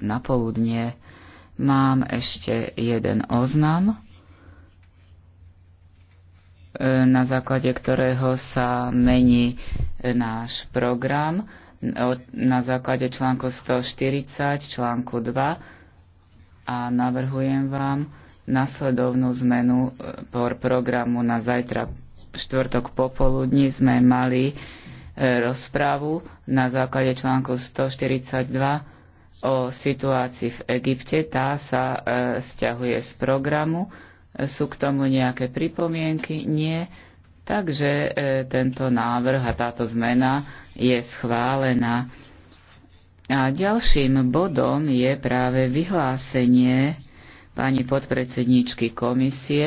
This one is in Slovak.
na poludnie. Mám ešte jeden oznam, e, na základe ktorého sa mení náš program na základe článku 140, článku 2 a navrhujem vám nasledovnú zmenu e, por programu na zajtra štvrtok popoludní sme mali e, rozprávu na základe článku 142 o situácii v Egypte. Tá sa e, stiahuje z programu. Sú k tomu nejaké pripomienky? Nie. Takže e, tento návrh a táto zmena je schválená. A ďalším bodom je práve vyhlásenie pani podpredsedničky komisie.